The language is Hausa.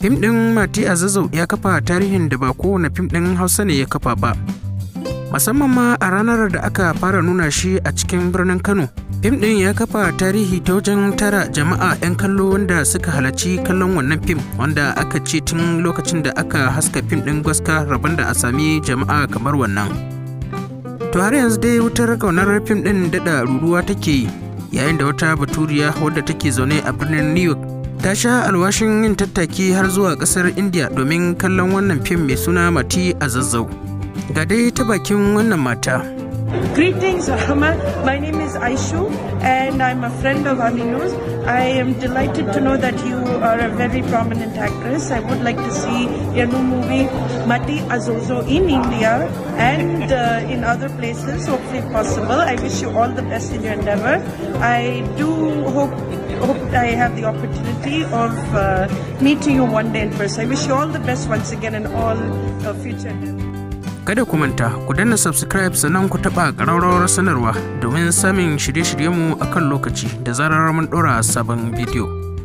Fim ɗin Mati Azazau ya kafa tarihin da ba kowane fim ɗin Hausa ne ya kafa ba. Musamman ma a ranar da aka fara nuna shi a cikin birnin Kano. Fim ɗin ya kafa tarihi ta wajen tara jama'a 'yan kallo wanda suka halarci kallon wannan fim wanda aka ce tun lokacin da aka haska fim ɗin gwaska rabon da a sami jama'a kamar wannan. To har yanzu dai wutar kaunar fim ɗin daɗa ruruwa take yi yayin da wata baturiya wadda take zaune a birnin New York ta sha alwashin yin tattaki har zuwa kasar india domin kallon wannan fim mai suna mati a zazzau ga dai ta bakin wannan mata Greetings, Rama. My name is Aishu, and I'm a friend of Aminu's. I am delighted to know that you are a very prominent actress. I would like to see your new movie, Mati Azozo, in India and uh, in other places, hopefully possible. I wish you all the best in your endeavor. I do hope I have the opportunity of uh, meeting you one day in person. I wish you all the best once again in all uh, future. Kada ku manta ku danna subscribe sannan ku taɓa ƙararrawar sanarwa domin samun shirye-shiryenmu akan lokaci da zarar mun ɗora sabon bidiyo.